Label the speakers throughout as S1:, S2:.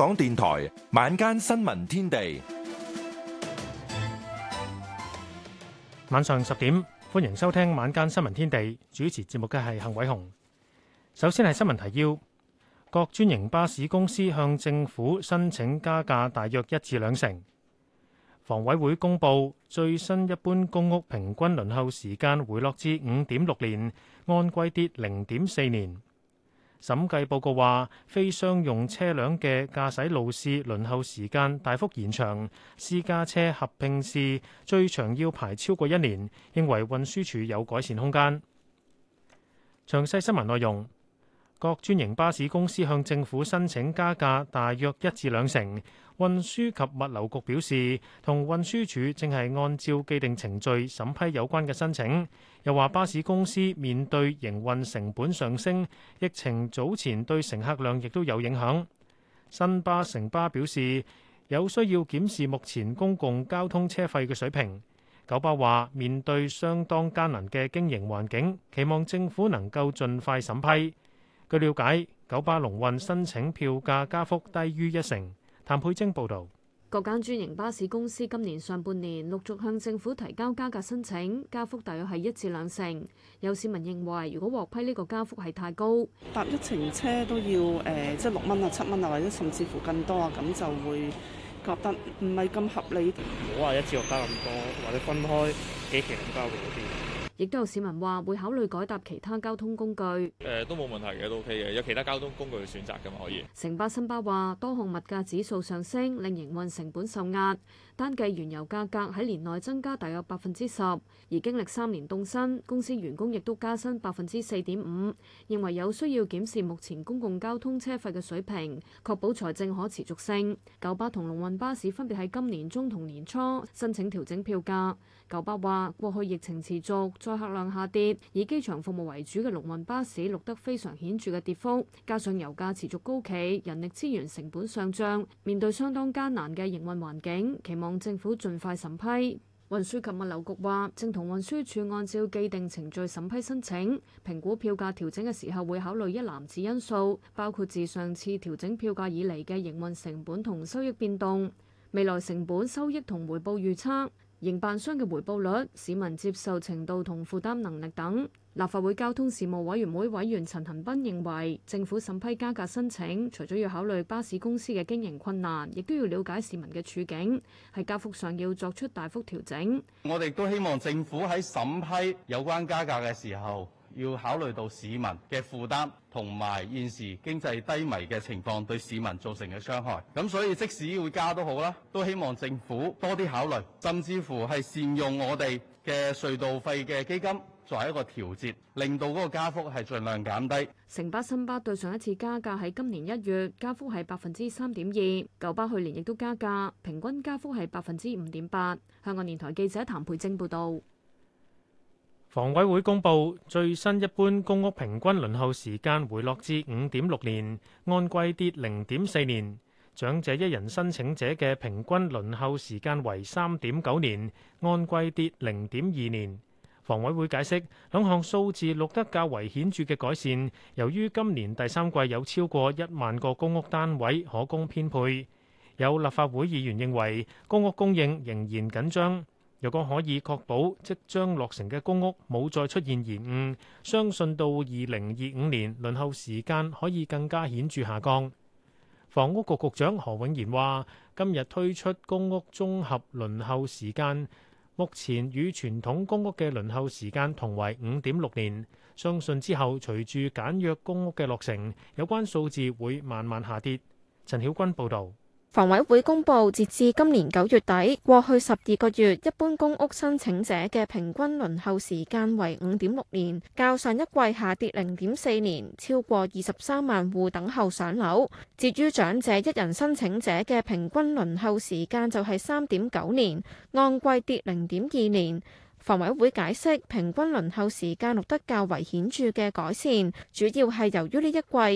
S1: 香港電台晚間新聞
S2: 天地，晚上十點歡迎收聽晚間新聞天地，主持節目嘅係幸偉紅。首先係新聞提要：各專營巴士公司向政府申請加價大約一至兩成。房委會公布最新一般公屋平均輪候時間回落至五點六年，按季跌零點四年。審計報告話，非商用車輛嘅駕駛路試輪候時間大幅延長，私家車合併試最長要排超過一年，認為運輸署有改善空間。詳細新聞內容，各專營巴士公司向政府申請加價大約一至兩成。運輸及物流局表示，同運輸署正係按照既定程序審批有關嘅申請。又話巴士公司面對營運成本上升，疫情早前對乘客量亦都有影響。新巴、城巴表示有需要檢視目前公共交通車費嘅水平。九巴話面對相當艱難嘅經營環境，期望政府能夠盡快審批。據了解，九巴龍運申請票價加幅低於一成。譚佩晶報道，
S3: 各間專營巴士公司今年上半年陸續向政府提交加價申請，加幅大約係一至兩成。有市民認為，如果獲批呢個加幅係太高，
S4: 搭一程車都要誒，即係六蚊啊、七蚊啊，或者甚至乎更多啊，咁就會覺得唔係咁合理。唔
S2: 好話一次過加咁多，或者分開幾期咁加會好啲。
S3: 亦都有市民話會考慮改搭其他交通工具。
S2: 誒、呃、都冇問題嘅，都 OK 嘅，有
S1: 其他交通工具選擇嘅嘛，可以。
S3: 城巴新巴話，多項物價指數上升，令營運成本受壓。單計原油價格喺年內增加大約百分之十，而經歷三年凍薪，公司員工亦都加薪百分之四點五。認為有需要檢視目前公共交通車費嘅水平，確保財政可持續性。九巴同龍運巴士分別喺今年中同年初申請調整票價。九巴話，過去疫情持續，載客量下跌，以機場服務為主嘅龍運巴士錄得非常顯著嘅跌幅，加上油價持續高企，人力資源成本上漲，面對相當艱難嘅營運環境，期望。望政府盡快審批。運輸及物流局話正同運輸署按照既定程序審批申請，評估票價調整嘅時候會考慮一籃子因素，包括自上次調整票價以嚟嘅營運成本同收益變動，未來成本收益同回報預測，營辦商嘅回報率、市民接受程度同負擔能力等。立法會交通事務委員會委員陳恒鑌認為，政府審批加價申請，除咗要考慮巴士公司嘅經營困難，亦都要了解市民嘅處境，喺加幅上要作出大幅調整。
S5: 我哋都希望政府喺審批有關加價嘅時候，要考慮到市民嘅負擔，同埋現時經濟低迷嘅情況對市民造成嘅傷害。咁所以即使會加都好啦，都希望政府多啲考慮，甚至乎係善用我哋嘅隧道費嘅基金。作為一個調節，令到嗰個加幅係盡量減低。城巴、新巴對上
S3: 一次加價喺今年一月，加幅係百分之三點二；九巴去年亦都加價，平均加幅係百分之五點八。香港電台記者譚佩晶報導。
S2: 房委會公布最新一般公屋平均輪候時間回落至五點六年，按季跌零點四年。長者一人申請者嘅平均輪候時間為三點九年，按季跌零點二年。房委會解釋兩項數字錄得較為顯著嘅改善，由於今年第三季有超過一萬個公屋單位可供編配。有立法會議員認為公屋供應仍然緊張，若果可以確保即將落成嘅公屋冇再出現延誤，相信到二零二五年輪候時間可以更加顯著下降。房屋局局長何永賢話：今日推出公屋綜合輪候時間。目前與傳統公屋嘅輪候時間同為五點六年，相信之後隨住簡約公屋嘅落成，有關數字會慢慢下跌。陳曉君報導。
S6: 房委會公布，截至今年九月底，過去十二個月，一般公屋申請者嘅平均輪候時間為五點六年，較上一季下跌零點四年，超過二十三萬戶等候上樓。至於長者一人申請者嘅平均輪候時間就係三點九年，按季跌零點二年。房委會解釋，平均輪候時間錄得較為顯著嘅改善，主要係由於呢一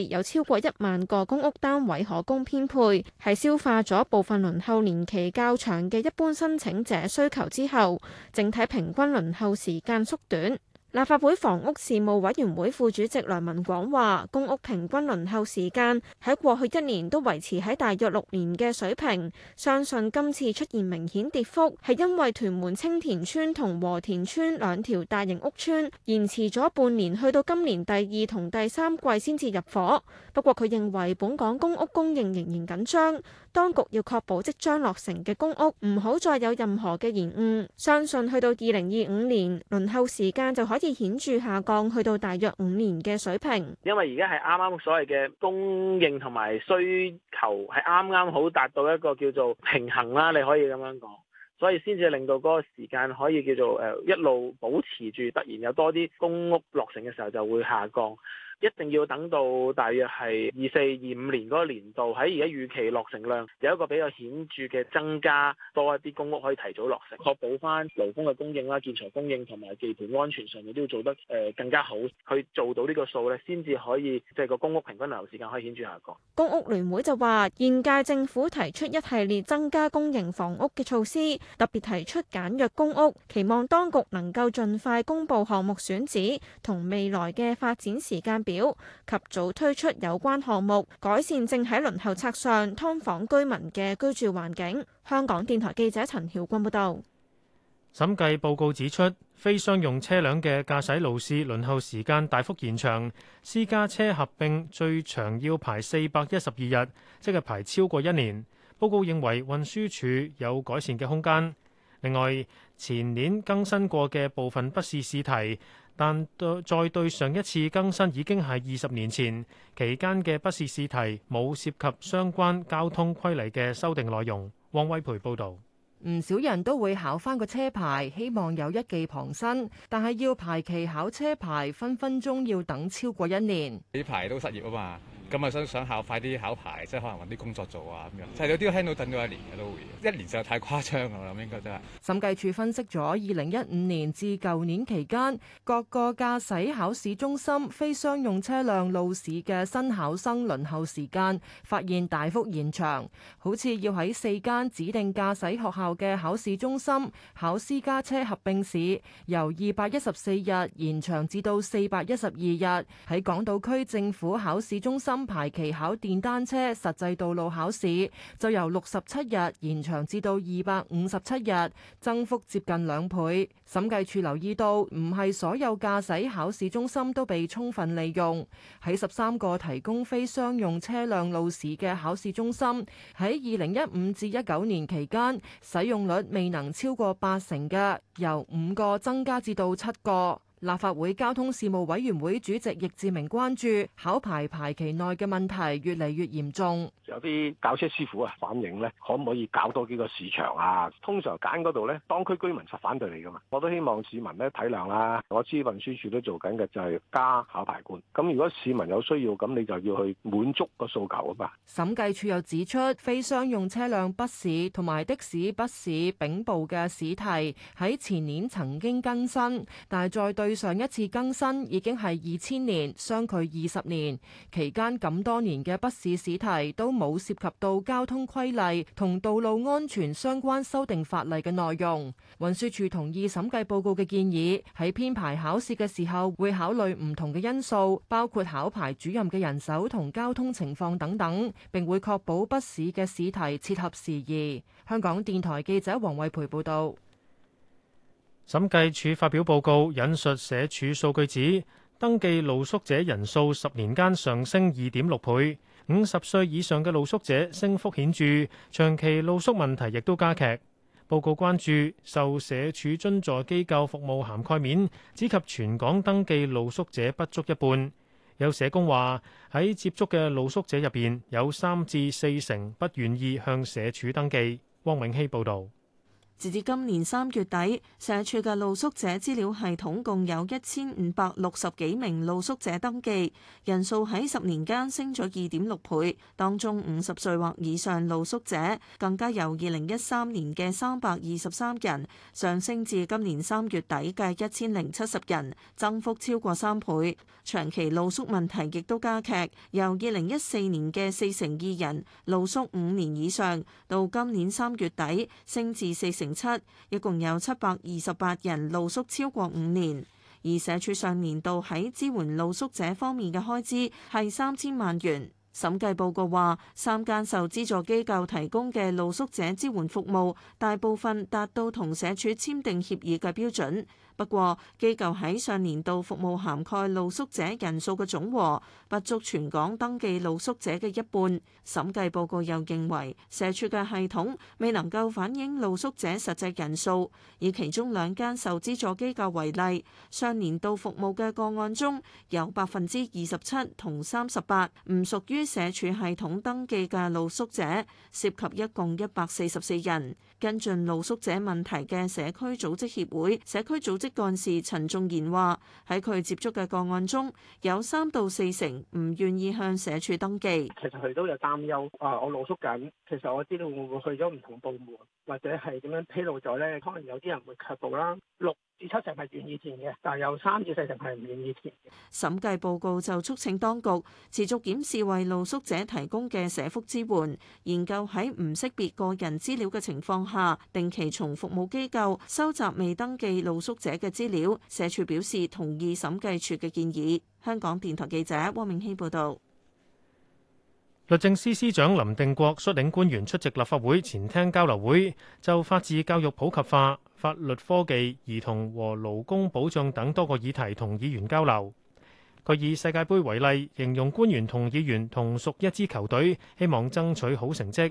S6: 季有超過一萬個公屋單位可供編配，係消化咗部分輪候年期較長嘅一般申請者需求之後，整體平均輪候時間縮短。立法會房屋事務委員會副主席梁文廣話：公屋平均輪候時間喺過去一年都維持喺大約六年嘅水平，相信今次出現明顯跌幅係因為屯門青田村同和，和田村兩條大型屋邨延遲咗半年，去到今年第二同第三季先至入伙。不過佢認為本港公屋供應仍然緊張。當局要確保即將落成嘅公屋唔好再有任何嘅延誤，相信去到二零二五年輪候時間就可以顯著下降，去到大約五年嘅水平。
S7: 因為而家係啱啱所謂嘅供應同埋需求係啱啱好達到一個叫做平衡啦，你可以咁樣講，所以先至令到嗰個時間可以叫做誒一路保持住，突然有多啲公屋落成嘅時候就會下降。一定要等到大約係二四二五年嗰個年，年度，喺而家預期落成量有一個比較顯著嘅增加，多一啲公屋可以提早落成，確保翻勞工嘅供應啦、建材供應同埋地盤安全上面都要做得誒，更加好，去做到呢個數咧，先至可以即係個公屋平均留時間可以顯著下降。
S6: 公屋聯會就話，現屆政府提出一系列增加公營房屋嘅措施，特別提出簡約公屋，期望當局能夠盡快公布項目選址同未來嘅發展時間。表及早推出有關項目，改善正喺輪候冊上劏房居民嘅居住環境。香港電台記者陳曉君報道。
S2: 審計報告指出，非商用車輛嘅駕駛路試輪候時間大幅延長，私家車合併最長要排四百一十二日，即係排超過一年。報告認為運輸署有改善嘅空間。另外，前年更新過嘅部分筆試試題。但對，再對上一次更新已經係二十年前，期間嘅筆試試題，冇涉及相關交通規例嘅修訂內容。黃威培報導。
S8: 唔少人都會考返個車牌，希望有一技傍身，但係要排期考車牌，分分鐘要等超過一年。
S1: 呢排都失業啊嘛！咁啊想想考快啲考牌，即係可能揾啲工作做啊咁樣，就係、是、有啲聽到等咗一年嘅都會，一年就太誇張啦，我諗應該真係。
S8: 審計署分析咗二零一五年至舊年期間各個駕駛考試中心非商用車輛路試嘅新考生輪候時間發現大幅延長，好似要喺四間指定駕駛學校嘅考試中心考私家車合併試，由二百一十四日延長至到四百一十二日，喺港島區政府考試中心，安排期考電單車實際道路考試就由六十七日延長至到二百五十七日，增幅接近兩倍。審計署留意到，唔係所有駕駛考試中心都被充分利用。喺十三個提供非商用車輛路試嘅考試中心，喺二零一五至一九年期間，使用率未能超過八成嘅，由五個增加至到七個。立法會交通事務委員會主席易志明關注考牌排，排期內嘅問題越嚟越嚴重，
S2: 有啲教車師傅啊反映，呢可唔可以搞多幾個市場啊？通常揀嗰度呢，當區居民實反對你噶嘛。我都希望市民呢體諒啦。
S5: 我知運輸署都做緊嘅就係加考牌官。咁如果市民有需要，咁你就要去滿足個訴求啊嘛。
S8: 審計署又指出，非商用車輛筆試同埋的士筆試丙部嘅試題喺前年曾經更新，但係在對。上一次更新已經係二千年，相距二十年期間咁多年嘅筆試試題都冇涉及到交通規例同道路安全相關修訂法例嘅內容。運輸署同意審計報告嘅建議，喺編排考試嘅時候會考慮唔同嘅因素，包括考牌主任嘅人手同交通情況等等，並會確保筆試嘅試題切合時宜。香港電台記者黃慧培報道。
S2: 審計署發表報告，引述社署數據指，登記露宿者人數十年間上升二點六倍，五十歲以上嘅露宿者升幅顯著，長期露宿問題亦都加劇。報告關注受社署津助機構服務涵蓋面只及全港登記露宿者不足一半。有社工話喺接觸嘅露宿者入面，有三至四成不願意向社署登記。汪永熙報導。
S9: 截至今年三月底，社署嘅露宿者資料系統共有一千五百六十幾名露宿者登記，人數喺十年間升咗二點六倍。當中五十歲或以上露宿者更加由二零一三年嘅三百二十三人，上升至今年三月底嘅一千零七十人，增幅超過三倍。長期露宿問題亦都加劇，由二零一四年嘅四成二人露宿五年以上，到今年三月底升至四成，零七，一共有七百二十八人露宿超過五年，而社署上年度喺支援露宿者方面嘅開支係三千萬元。審計報告話，三間受資助機構提供嘅露宿者支援服務，大部分達到同社署簽訂協議嘅標準。不過，機構喺上年度服務涵蓋露宿者人數嘅總和，不足全港登記露宿者嘅一半。審計報告又認為，社署嘅系統未能夠反映露宿者實際人數。以其中兩間受資助機構為例，上年度服務嘅個案中有百分之二十七同三十八唔屬於社署系統登記嘅露宿者，涉及一共一百四十四人。跟進露宿者問題嘅社區組織協會社區組織幹事陳仲賢話：喺佢接觸嘅個案中，有三到四成唔願意向社署
S4: 登記。其
S2: 實佢都有擔憂啊！我露宿緊，其實我知道會唔會去咗唔同部門，
S10: 或者係點樣披露咗咧？可能有啲人會卻步啦。六四七成係願意填嘅，但係有三至四成係唔願意填
S9: 嘅。審計報告就促請當局持續檢視為露宿者提供嘅社福支援，研究喺唔識別個人資料嘅情況下，定期從服務機構收集未登記露宿者嘅資料。社署表示同意審計處嘅建議。香港電台記者汪永希報道。
S2: 律政司司長林定國率領官員出席立法會前廳交流會，就法治教育普及化。法律科技、兒童和勞工保障等多個議題同議員交流。佢以世界盃為例，形容官員同議員同屬一支球隊，希望爭取好成績。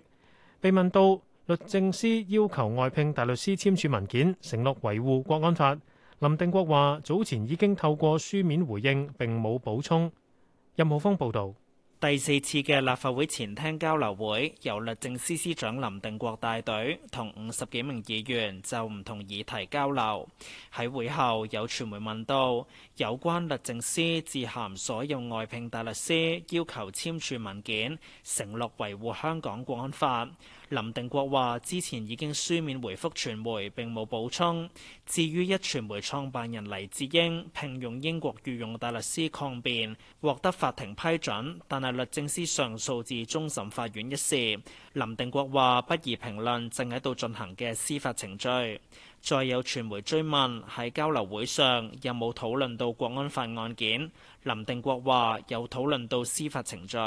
S2: 被問到律政司要求外聘大律師簽署文件，承諾維護國安法，林定國話早前已經透過書面回應，並冇補充。任浩峰報導。
S10: 第四次嘅立法會前廳交流會，由律政司司長林定國帶隊，同五十幾名議員就唔同議題交流。喺會後有傳媒問到有關律政司致函所有外聘大律師要求簽署文件，承諾維護香港《國安法》，林定國話之前已經書面回覆傳媒並冇補充。至於一傳媒創辦人黎智英聘用英國御用大律師抗辯，獲得法庭批准，但係律政司上訴至終審法院一事，林定國話不宜評論，正喺度進行嘅司法程序。再有傳媒追問喺交流會上有冇討論到國安法案件，林定國話有討論到司法程序。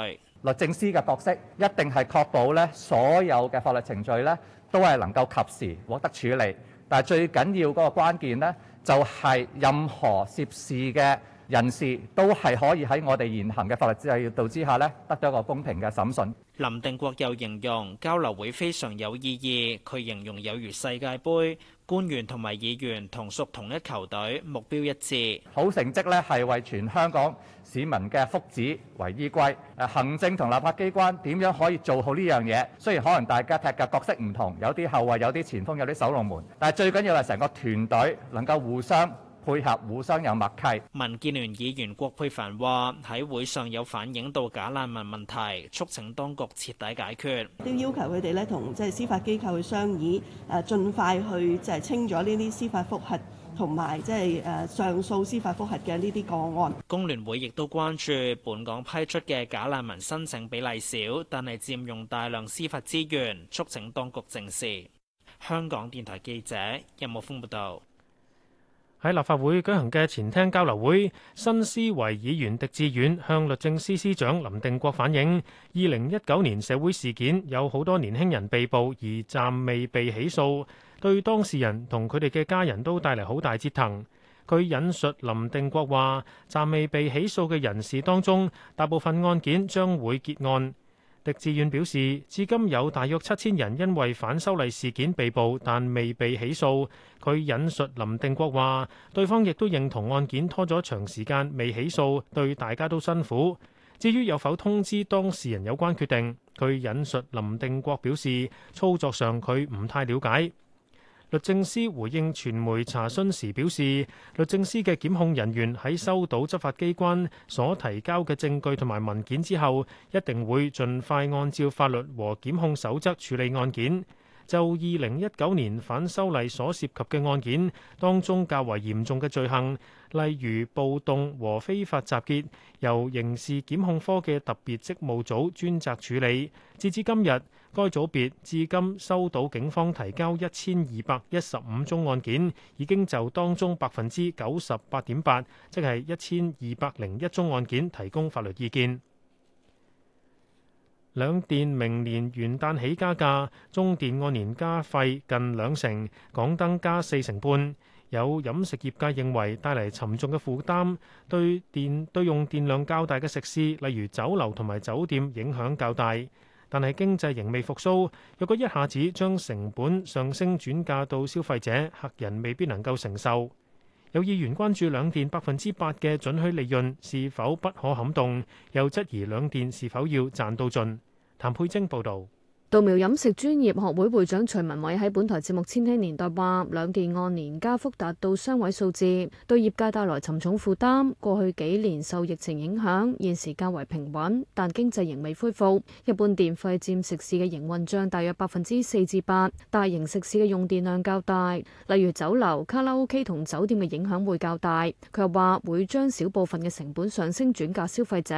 S1: 律政司嘅角色一定係確保呢所有嘅法律程序呢都係能夠及時獲得處理，但係最緊要嗰個關鍵呢，就係任何涉事嘅。人士都係可以喺我哋現行嘅法律制度之下咧，得咗一個公平嘅審訊。
S10: 林定國又形容交流會非常有意義。佢形容有如世界盃，官員同埋議員同屬同一球隊，目標一致。
S1: 好成績咧係為全香港市民嘅福祉為依歸。誒，行政同立法機關點樣可以做好呢樣嘢？雖然可能大家踢嘅角色唔同，有啲後衞，有啲前鋒，有啲守龍門，但係最緊要係成個團隊能夠互相。配合，互相
S10: 有默契。民建聯議員郭佩凡話：喺會上有反映到假難民問題，促請當局徹底解決。
S9: 都要求佢哋咧同即係司法機構去商議，誒盡快去即係清咗呢啲司法覆核同埋即係誒上訴
S10: 司法覆核嘅呢啲個案。工聯會亦都關注本港批出嘅假難民申請比例少，但係佔用大量司法資源，促請當局正視。香港電台記者任武峯報道。有
S2: 喺立法會舉行嘅前廳交流會，新思維議員狄志遠向律政司司長林定國反映，二零一九年社會事件有好多年輕人被捕而暫未被起訴，對當事人同佢哋嘅家人都帶嚟好大折騰。佢引述林定國話：暫未被起訴嘅人士當中，大部分案件將會結案。狄志遠表示，至今有大約七千人因為反修例事件被捕，但未被起訴。佢引述林定國話，對方亦都認同案件拖咗長時間未起訴，對大家都辛苦。至於有否通知當事人有關決定，佢引述林定國表示，操作上佢唔太了解。律政司回應傳媒查詢時表示，律政司嘅檢控人員喺收到執法機關所提交嘅證據同埋文件之後，一定會盡快按照法律和檢控守則處理案件。就二零一九年反修例所涉及嘅案件，當中較為嚴重嘅罪行，例如暴動和非法集結，由刑事檢控科嘅特別職務組專責處理。截至今日，該組別至今收到警方提交一千二百一十五宗案件，已經就當中百分之九十八點八，即係一千二百零一宗案件提供法律意見。兩電明年元旦起加價，中電按年加費近兩成，港燈加四成半。有飲食業界認為帶嚟沉重嘅負擔，對電，對用電量較大嘅食肆，例如酒樓同埋酒店影響較大。但係經濟仍未復甦，若果一下子將成本上升轉嫁到消費者，客人未必能夠承受。有議員關注兩電百分之八嘅準許利潤是否不可撼動，又質疑兩電是否要賺到盡。譚佩晶報導。
S3: 稻苗飲食專業學會會長徐文偉喺本台節目《千禧年代》話，兩電按年加幅達到雙位數字，對業界帶來沉重負擔。過去幾年受疫情影響，現時較為平穩，但經濟仍未恢復。一般電費占食肆嘅營運賬大約百分之四至八，大型食肆嘅用電量較大，例如酒樓、卡拉 OK 同酒店嘅影響會較大。佢又話會將小部分嘅成本上升轉嫁消費者，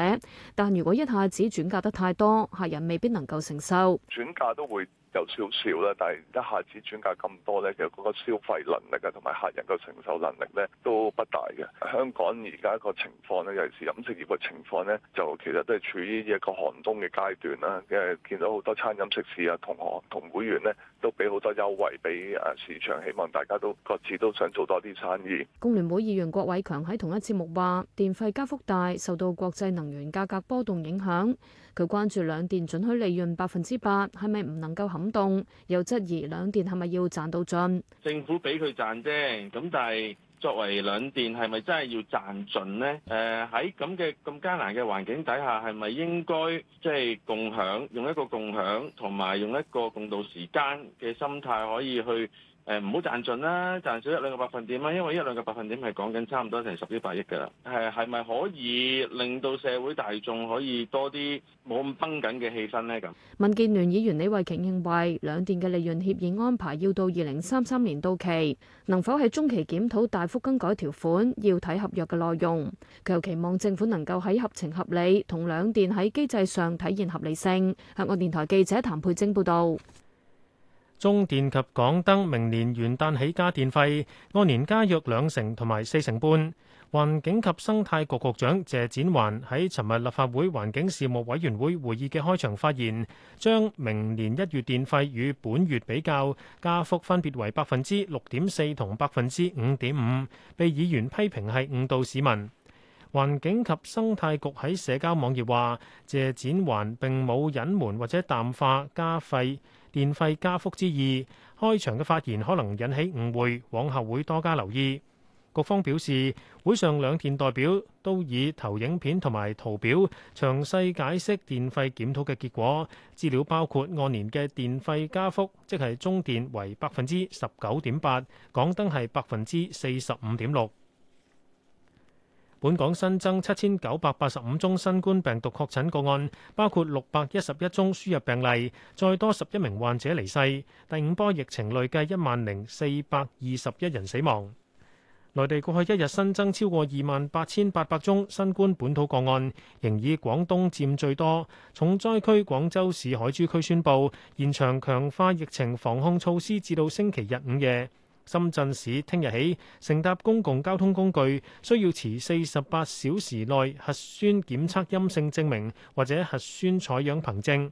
S3: 但如果一下子轉嫁得太多，客人未必能夠承受。
S1: 轉嫁都會有少少啦，但係一下子轉嫁咁多呢，其實嗰個消費能力啊，同埋客人嘅承受能力呢都不大嘅。香港而家個情況呢，尤其是飲食業嘅情況呢，就其實都係處於一個寒冬嘅階段啦。因為見到好多餐飲食肆啊，同學同會員呢，都俾好多優惠俾誒市場，希望大家都各自都想做多啲生意。
S3: 工聯會議員郭偉強喺同一節目話：電費加幅大，受到國際能源價格波動影響。佢關注兩電準許利潤百分之八係咪唔能夠撼動，又質疑兩電係咪要賺到盡？
S5: 政府俾佢賺啫，咁但係作為兩電係咪真係要賺盡呢？誒喺咁嘅咁艱難嘅環境底下，係咪應該即係共享，用一個共享同埋用一個共度時間嘅心態可以去？誒唔好賺盡啦，賺少一兩個百分點啦，因為一兩個百分點係講緊差唔多成十億八億㗎啦。係係咪可以令到社會大眾可以多啲冇咁繃緊嘅氣氛呢？咁
S3: 民建聯議員李慧瓊認為，兩電嘅利潤協議安排要到二零三三年到期，能否喺中期檢討大幅更改條款，要睇合約嘅內容。佢又期望政府能夠喺合情合理同兩電喺機制上體現合理性。香港電台記者譚佩晶報導。
S2: 中電及港燈明年元旦起加電費，按年加約兩成同埋四成半。環境及生態局局長謝展寰喺尋日立法會環境事務委員會會議嘅開場發言，將明年一月電費與本月比較加幅分別為百分之六點四同百分之五點五，被議員批評係誤導市民。環境及生態局喺社交網頁話，謝展寰並冇隱瞞或者淡化加費。電費加幅之異，開場嘅發言可能引起誤會，往後會多加留意。局方表示，會上兩電代表都以投影片同埋圖表詳細解釋電費檢討嘅結果，資料包括按年嘅電費加幅，即係中電為百分之十九點八，港燈係百分之四十五點六。本港新增七千九百八十五宗新冠病毒確診個案，包括六百一十一宗輸入病例，再多十一名患者離世。第五波疫情累計一萬零四百二十一人死亡。內地過去一日新增超過二萬八千八百宗新冠本土個案，仍以廣東佔最多。重災區廣州市海珠區宣布，現場強化疫情防控措施，至到星期日午夜。深圳市聽日起，乘搭公共交通工具需要持四十八小時內核酸檢測陰性證明或者核酸採樣憑證。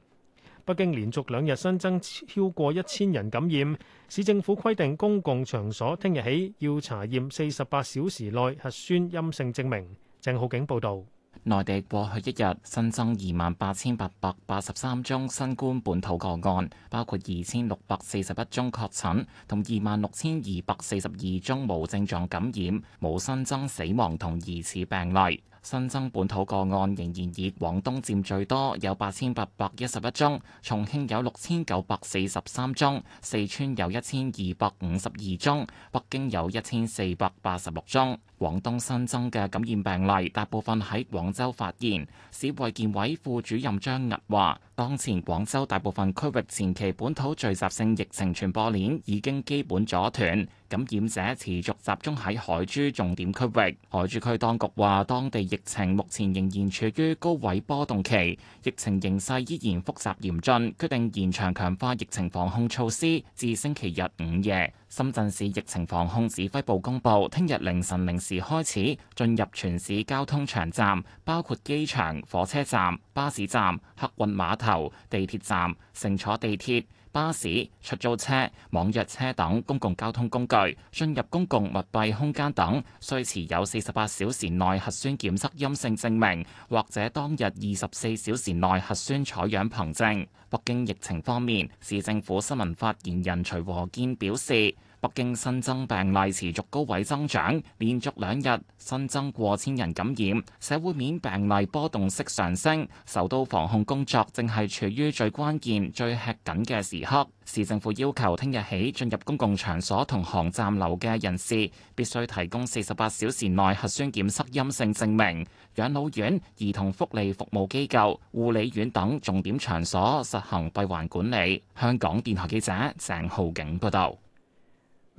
S2: 北京連續兩日新增超過一千人感染，市政府規定公共場所聽日起要查驗四十八小時內核酸陰性證明。鄭浩景報道。
S11: 內地過去一日新增二萬八千八百八十三宗新冠本土個案，包括二千六百四十一宗確診，同二萬六千二百四十二宗無症狀感染，無新增死亡同疑似病例。新增本土個案仍然以廣東佔最多，有八千八百一十一宗；重慶有六千九百四十三宗；四川有一千二百五十二宗；北京有一千四百八十六宗。廣東新增嘅感染病例大部分喺廣州發現，市衛健委副主任張屹話。當前廣州大部分區域前期本土聚集性疫情傳播鏈已經基本阻斷，感染者持續集中喺海珠重點區域。海珠區當局話，當地疫情目前仍然處於高位波動期，疫情形勢依然複雜嚴峻，決定延長強化疫情防控措施至星期日午夜。深圳市疫情防控指揮部公布，聽日凌晨零時開始，進入全市交通場站，包括機場、火車站、巴士站、客運碼頭、地鐵站，乘坐地鐵。巴士、出租車、網約車等公共交通工具進入公共密閉空間等，需持有四十八小時內核酸檢測陰性證明，或者當日二十四小時內核酸採樣憑證。北京疫情方面，市政府新聞發言人徐和建表示。北京新增病例持續高位增長，連續兩日新增過千人感染，社會面病例波動式上升。首都防控工作正係處於最關鍵、最吃緊嘅時刻。市政府要求聽日起進入公共場所同航站樓嘅人士必須提供四十八小時內核酸檢測陰性證明。養老院、兒童福利服務機構、護理院等重點場所實行閉環管理。香港電台記者鄭浩景報導。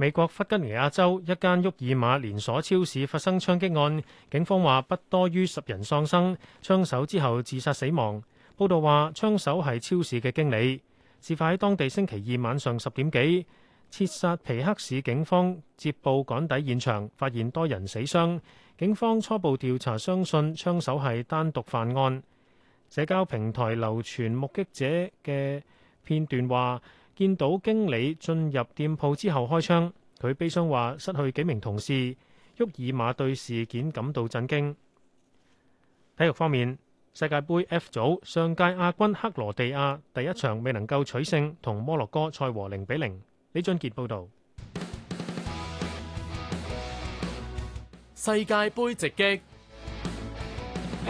S2: 美國弗吉尼亞州一間沃爾瑪連鎖超市發生槍擊案，警方話不多於十人喪生，槍手之後自殺死亡。報道話槍手係超市嘅經理。事發喺當地星期二晚上十點幾，切薩皮克市警方接報趕抵現場，發現多人死傷。警方初步調查相信槍手係單獨犯案。社交平台流傳目擊者嘅片段話，見到經理進入店鋪之後開槍，佢悲傷話失去幾名同事。沃爾瑪對事件感到震驚。體育方面，世界盃 F 組上屆亞軍克羅地亞第一場未能夠取勝，同摩洛哥賽和零比零。李俊傑
S7: 報導。世界盃直擊。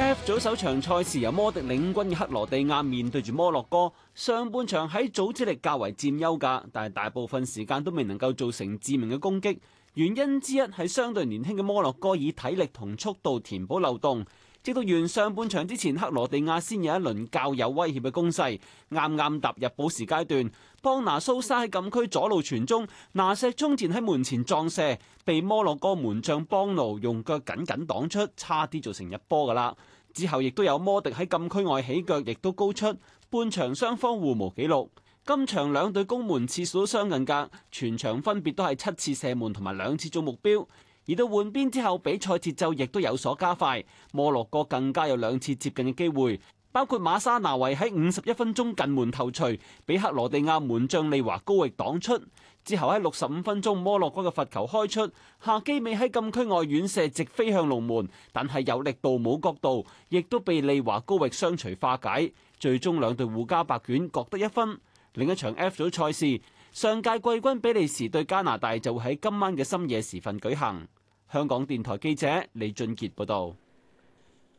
S7: F 組首場賽事由摩迪領軍嘅克羅地亞面對住摩洛哥，上半場喺組織力較為佔優噶，但係大部分時間都未能夠造成致命嘅攻擊，原因之一係相對年輕嘅摩洛哥以體力同速度填補漏洞。直到完上半場之前，克羅地亞先有一輪較有威脅嘅攻勢，啱啱踏入補時階段。邦拿蘇沙喺禁區左路傳中，拿石中田喺門前撞射，被摩洛哥門將邦奴用腳緊緊擋出，差啲造成一波㗎喇。之後亦都有摩迪喺禁區外起腳，亦都高出。半場雙方互無紀錄，今場兩隊攻門次數都相近㗎，全場分別都係七次射門同埋兩次中目標。而到換邊之後，比賽節奏亦都有所加快。摩洛哥更加有兩次接近嘅機會，包括馬沙拿維喺五十一分鐘近門頭槌，俾克羅地亞門將利華高域擋出。之後喺六十五分鐘，摩洛哥嘅罰球開出，夏基美喺禁區外遠射，直飛向龍門，但係有力度冇角度，亦都被利華高域相隨化解。最終兩隊互交白卷，各得一分。另一場 F 組賽事，上屆季軍比利時對加拿大就會喺今晚嘅深夜時分舉行。香港電台記者李俊杰報道：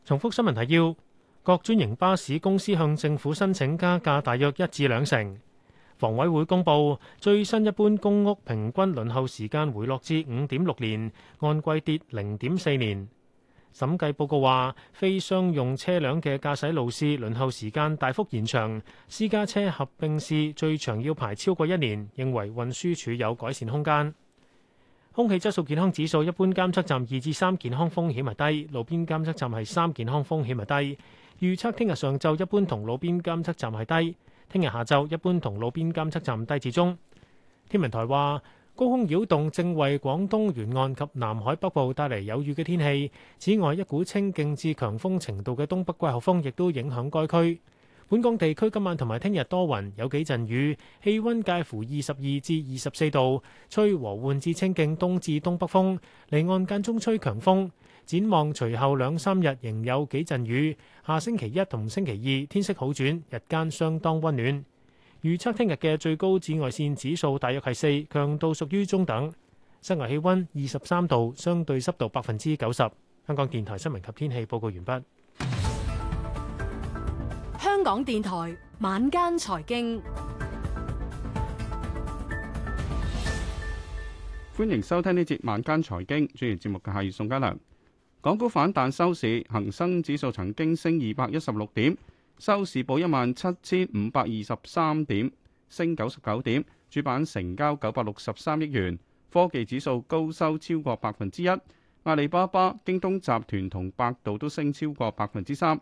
S2: 重複新聞提要，各專營巴士公司向政府申請加價大約一至兩成。房委會公佈最新一般公屋平均輪候時間回落至五點六年，按季跌零點四年。審計報告話，非商用車輛嘅駕駛路試輪候時間大幅延長，私家車合併試最長要排超過一年，認為運輸署有改善空間。空氣質素健康指數，一般監測站二至三，健康風險係低，路邊監測站係三，健康風險係低。預測聽日上晝一般同路邊監測站係低，聽日下晝一般同路邊監測站低至中。天文台話，高空擾動正為廣東沿岸及南海北部帶嚟有雨嘅天氣。此外，一股清勁至強風程度嘅東北季候風亦都影響該區。本港地區今晚同埋聽日多雲，有幾陣雨，氣温介乎二十二至二十四度，吹和緩至清勁東至東北風，離岸間中吹強風。展望隨後兩三日仍有幾陣雨，下星期一同星期二天色好轉，日間相當温暖。預測聽日嘅最高紫外線指數大約係四，強度屬於中等。室外氣温二十三度，相對濕度百分之九十。香港電台新聞及天氣報告完畢。
S3: 香港電台晚間財經，
S5: 歡迎收聽呢節晚間財經。主持節目嘅係宋嘉良。港股反彈收市，恒生指數曾經升二百一十六點，收市報一萬七千五百二十三點，升九十九點。主板成交九百六十三億元。科技指數高收超過百分之一，阿里巴巴、京東集團同百度都升超過百分之三。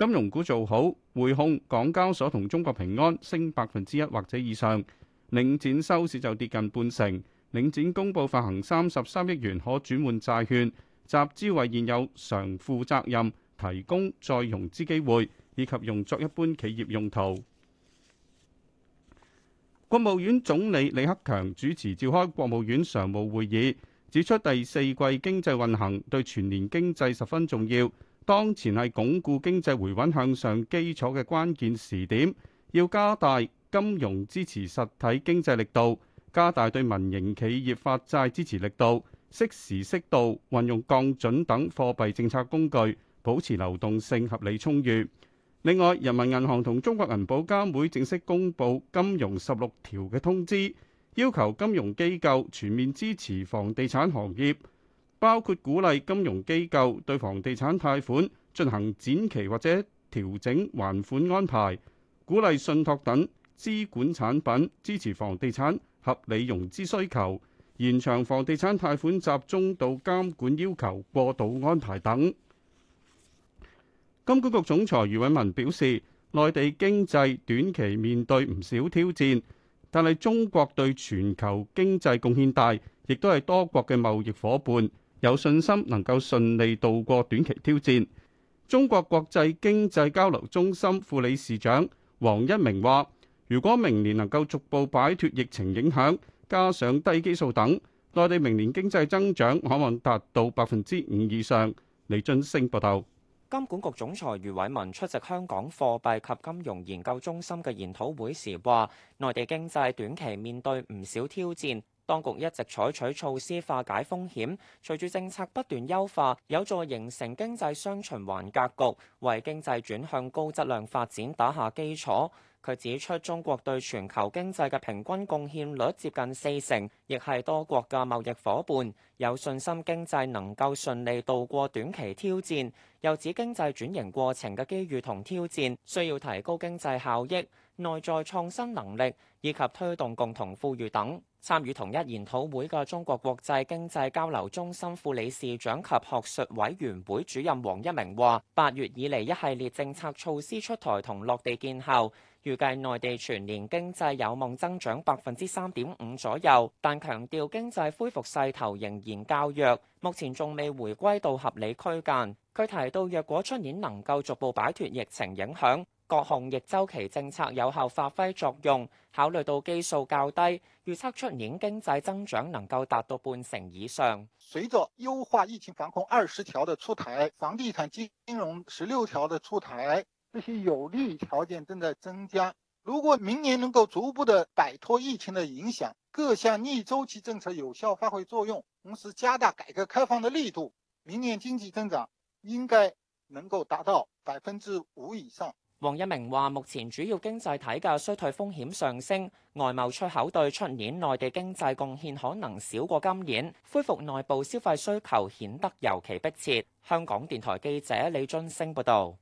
S5: 金融股做好，匯控、港交所同中國平安升百分之一或者以上，領展收市就跌近半成。領展公布發行三十三億元可轉換債券，集資為現有償負責任提供再融資機會，以及用作一般企業用途。國務院總理李克強主持召開國務院常務會議，指出第四季經濟運行對全年經濟十分重要。當前係鞏固經濟回穩向上基礎嘅關鍵時點，要加大金融支持實體經濟力度，加大對民營企業發債支持力度，適時適度運用降準等貨幣政策工具，保持流動性合理充裕。另外，人民銀行同中國銀保監會正式公佈《金融十六條》嘅通知，要求金融機構全面支持房地產行業。包括鼓勵金融機構對房地產貸款進行展期或者調整還款安排，鼓勵信託等資管產品支持房地產合理融資需求，延長房地產貸款集中度監管要求過渡安排等。金管局總裁余偉文表示，內地經濟短期面對唔少挑戰，但係中國對全球經濟貢獻大，亦都係多國嘅貿易夥伴。有信心能夠順利度過短期挑戰。中國國際經濟交流中心副理事長王一鳴話，如果明年能夠逐步擺脱疫情影響，加上低基數等，內地明年經濟增長可能達到百分之五以上。李津升報道。
S1: 金管局總裁余偉文出席香港貨幣及金融研究中心嘅研討會時話，內地經濟短期面對唔少挑戰。當局一直採取措施化解風險，隨住政策不斷優化，有助形成經濟雙循環格局，為經濟轉向高質量發展打下基礎。佢指出，中國對全球經濟嘅平均貢獻率接近四成，亦係多國嘅貿易伙伴，有信心，經濟能夠順利度過短期挑戰。又指經濟轉型過程嘅機遇同挑戰，需要提高經濟效益、內在創新能力以及推動共同富裕等。參與同一研討會嘅中國國際經濟交流中心副理事長及學術委員會主任黃一明話：八月以嚟一系列政策措施出台同落地見效後，預計內地全年經濟有望增長百分之三點五左右，但強調經濟恢復勢頭仍然較弱，目前仲未回歸到合理區間。佢提到，若果出年能夠逐步擺脱疫情影響。各項逆週期政策有效發揮作用，考慮到基數較低，預測出年經濟增長能夠達到半成以上。
S11: 隨着優化疫情防控二十條的出台，房地產金金融十六條的出台，這些有利條件正在增加。如果明年能夠逐步的擺脱疫情的影響，各項逆週期政策有效發揮作用，同時加大改革開放的力度，明年經濟增長應該能夠達到百分之五以上。
S1: 王一鳴話：目前主要經濟體嘅衰退風險上升，外貿出口對出年內地經濟貢獻可能少過今年，恢復內部消費需求顯得尤其迫切。香港電台記者李津升報導。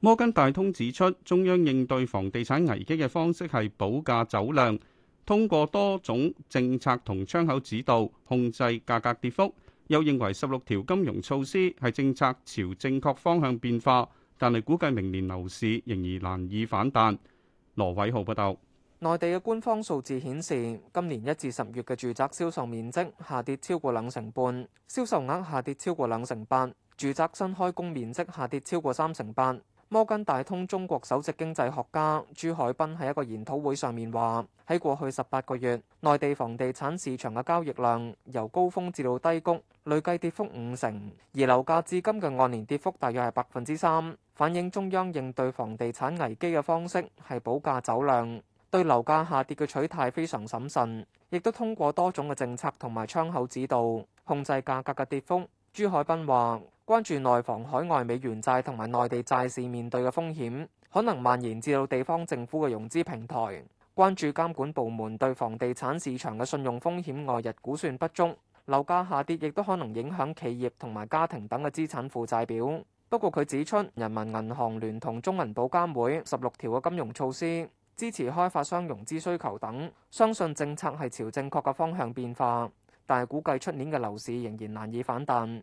S5: 摩根大通指出，中央應對房地產危機嘅方式係保價走量，通過多種政策同窗口指導控制價格跌幅。又認為十六條金融措施係政策朝正確方向變化。但係估計明年樓市仍然難以反彈。羅偉浩報道，
S4: 內地嘅官方數字顯示，今年一至十月嘅住宅銷售面積下跌超過兩成半，銷售額下跌超過兩成半，住宅新開工面積下跌超過三成半。」摩根大通中國首席經濟學家朱海斌喺一個研討會上面話，喺過去十八個月，內地房地產市場嘅交易量由高峰至到低谷，累計跌幅五成，而樓價至今嘅按年跌幅大約係百分之三，反映中央應對房地產危機嘅方式係保價走量，對樓價下跌嘅取態非常審慎，亦都通過多種嘅政策同埋窗口指導控制價格嘅跌幅。朱海斌話。關注內房海外美元債同埋內地債市面對嘅風險，可能蔓延至到地方政府嘅融資平台。關注監管部門對房地產市場嘅信用風險外溢估算不足，樓價下跌亦都可能影響企業同埋家庭等嘅資產負債表。不過佢指出，人民銀行聯同中銀保監會十六條嘅金融措施，支持開發商融資需求等，相信政策係朝正確嘅方向變化。但係估計出年嘅樓市仍然難以反彈。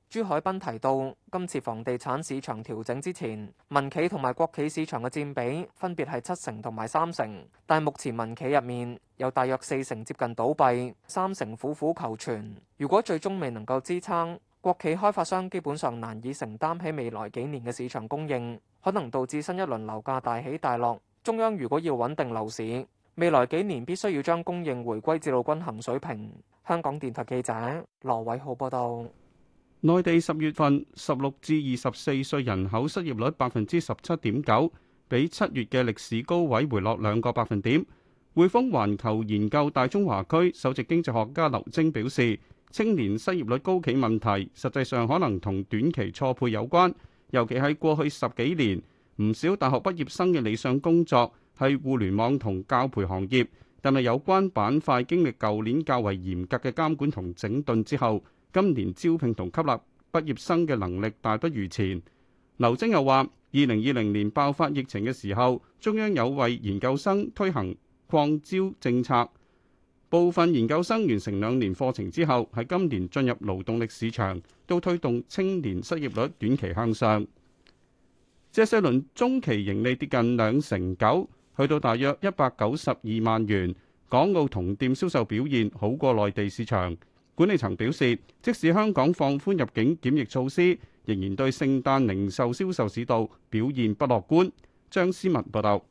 S4: 朱海斌提到，今次房地產市場調整之前，民企同埋國企市場嘅佔比分別係七成同埋三成。但目前民企入面有大約四成接近倒閉，三成苦苦求存。如果最終未能夠支撐，國企開發商基本上難以承擔起未來幾年嘅市場供應，可能導致新一輪樓價大起大落。中央如果要穩定樓市，未來幾年必須要將供應回歸至路均衡水平。香港電台記者羅偉浩報道。
S5: 內地十月份十六至二十四歲人口失業率百分之十七點九，比七月嘅歷史高位回落兩個百分點。匯豐環球研究大中華區首席經濟學家劉晶表示，青年失業率高企問題實際上可能同短期錯配有關，尤其喺過去十幾年，唔少大學畢業生嘅理想工作係互聯網同教培行業，但係有關板塊經歷舊年較為嚴格嘅監管同整頓之後，今年招聘同吸納畢業生嘅能力大不如前。劉晶又話，二零二零年爆發疫情嘅時候，中央有為研究生推行擴招政策，部分研究生完成兩年課程之後，喺今年進入勞動力市場，都推動青年失業率短期向上。謝瑞麟中期盈利跌近兩成九，去到大約一百九十二萬元。港澳同店銷售表現好過內地市場。管理層表示，即使香港放寬入境檢疫措施，仍然對聖誕零售銷售市道表現不樂觀。張思文報道，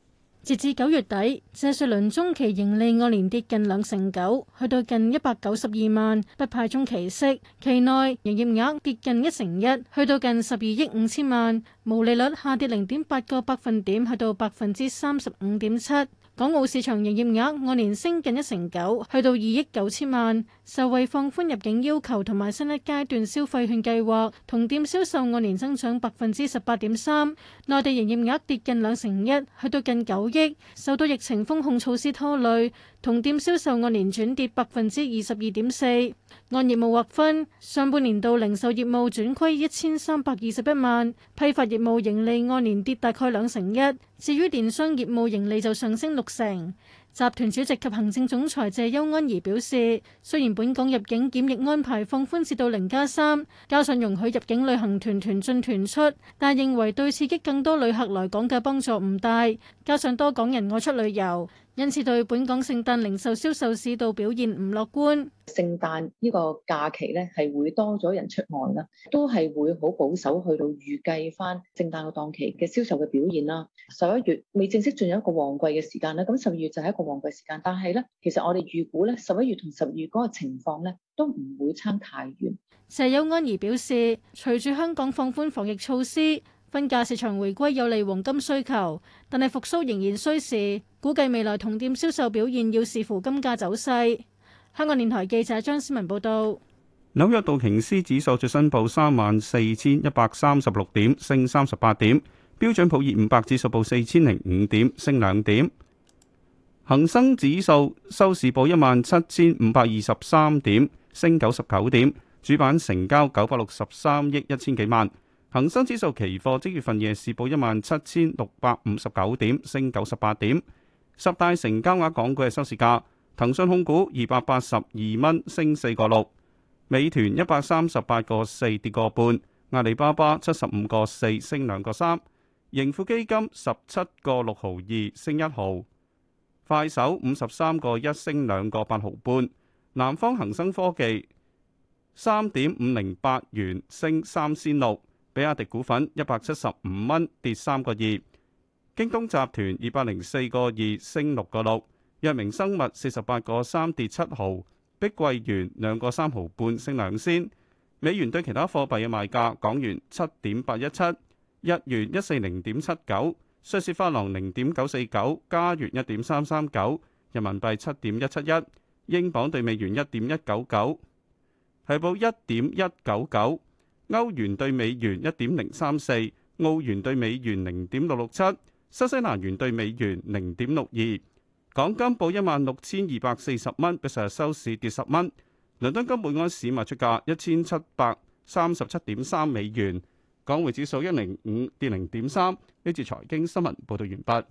S12: 截至九月底，謝瑞麟中期盈利按年跌近兩成九，去到近一百九十二萬，不派中期息。期內營業額跌近一成一，去到近十二億五千萬，毛利率下跌零點八個百分點，去到百分之三十五點七。港澳市場營業額按年升近一成九，去到二億九千萬。受惠放寬入境要求同埋新一階段消費券計劃，同店銷售按年增長百分之十八點三，內地營業額跌近兩成一，去到近九億，受到疫情風控措施拖累，同店銷售按年轉跌百分之二十二點四。按業務劃分，上半年度零售業務轉虧一千三百二十一萬，批發業務盈利按年跌大概兩成一，至於電商業務盈利就上升六成。集團主席及行政總裁謝優安兒表示，雖然本港入境檢疫安排放寬至到零加三，3，加上容許入境旅行團團進團出，但認為對刺激更多旅客來港嘅幫助唔大，加上多港人外出旅遊。因此，對本港聖誕零售銷售市道表現唔樂觀。聖誕呢個假期咧，係會多咗人出外啦，都係會好保守去到預計翻聖誕個檔期嘅銷售嘅表現啦。十一月未正式進入一個旺季嘅時間咧，咁十二月就係一個旺季時間，但係咧，其實我哋預估咧，十一月同十二月嗰個情況咧，都唔會差太遠。謝友安兒表示，隨住香港放寬防疫措施。婚嫁市場回歸有利黃金需求，但係復蘇仍然需時。估計未來同店銷售表現要視乎金價走勢。香港電台記者張思文報道。
S5: 紐約道瓊斯指數最新報三萬四千一百三十六點，升三十八點。標準普爾五百指數報四千零五點，升兩點。恒生指數收市報一萬七千五百二十三點，升九十九點。主板成交九百六十三億一千幾萬。恒生指數期貨即月份夜市報一萬七千六百五十九點，升九十八點。十大成交額港股嘅收市價：騰訊控股二百八十二蚊，升四個六；美團一百三十八個四，跌個半；阿里巴巴七十五個四，升兩個三；盈富基金十七個六毫二，升一毫；快手五十三個一，升兩個八毫半；南方恒生科技三點五零八元，升三仙六。比亞迪股份一百七十五蚊跌三個二，京東集團二百零四個二升六個六，藥明生物四十八個三跌七毫，碧桂園兩個三毫半升兩仙。美元對其他貨幣嘅賣價：港元七點八一七，日元一四零點七九，瑞士法郎零點九四九，加元一點三三九，人民幣七點一七一，英鎊兌美元一點一九九，係報一點一九九。歐元對美元一點零三四，澳元對美元零點六六七，新西蘭元對美元零點六二。港金報一萬六千二百四十蚊，比上日收市跌十蚊。倫敦金每盎司賣出價一千七百三十七點三美元。港匯指數一零五跌零點三。呢次財經新聞報道完畢。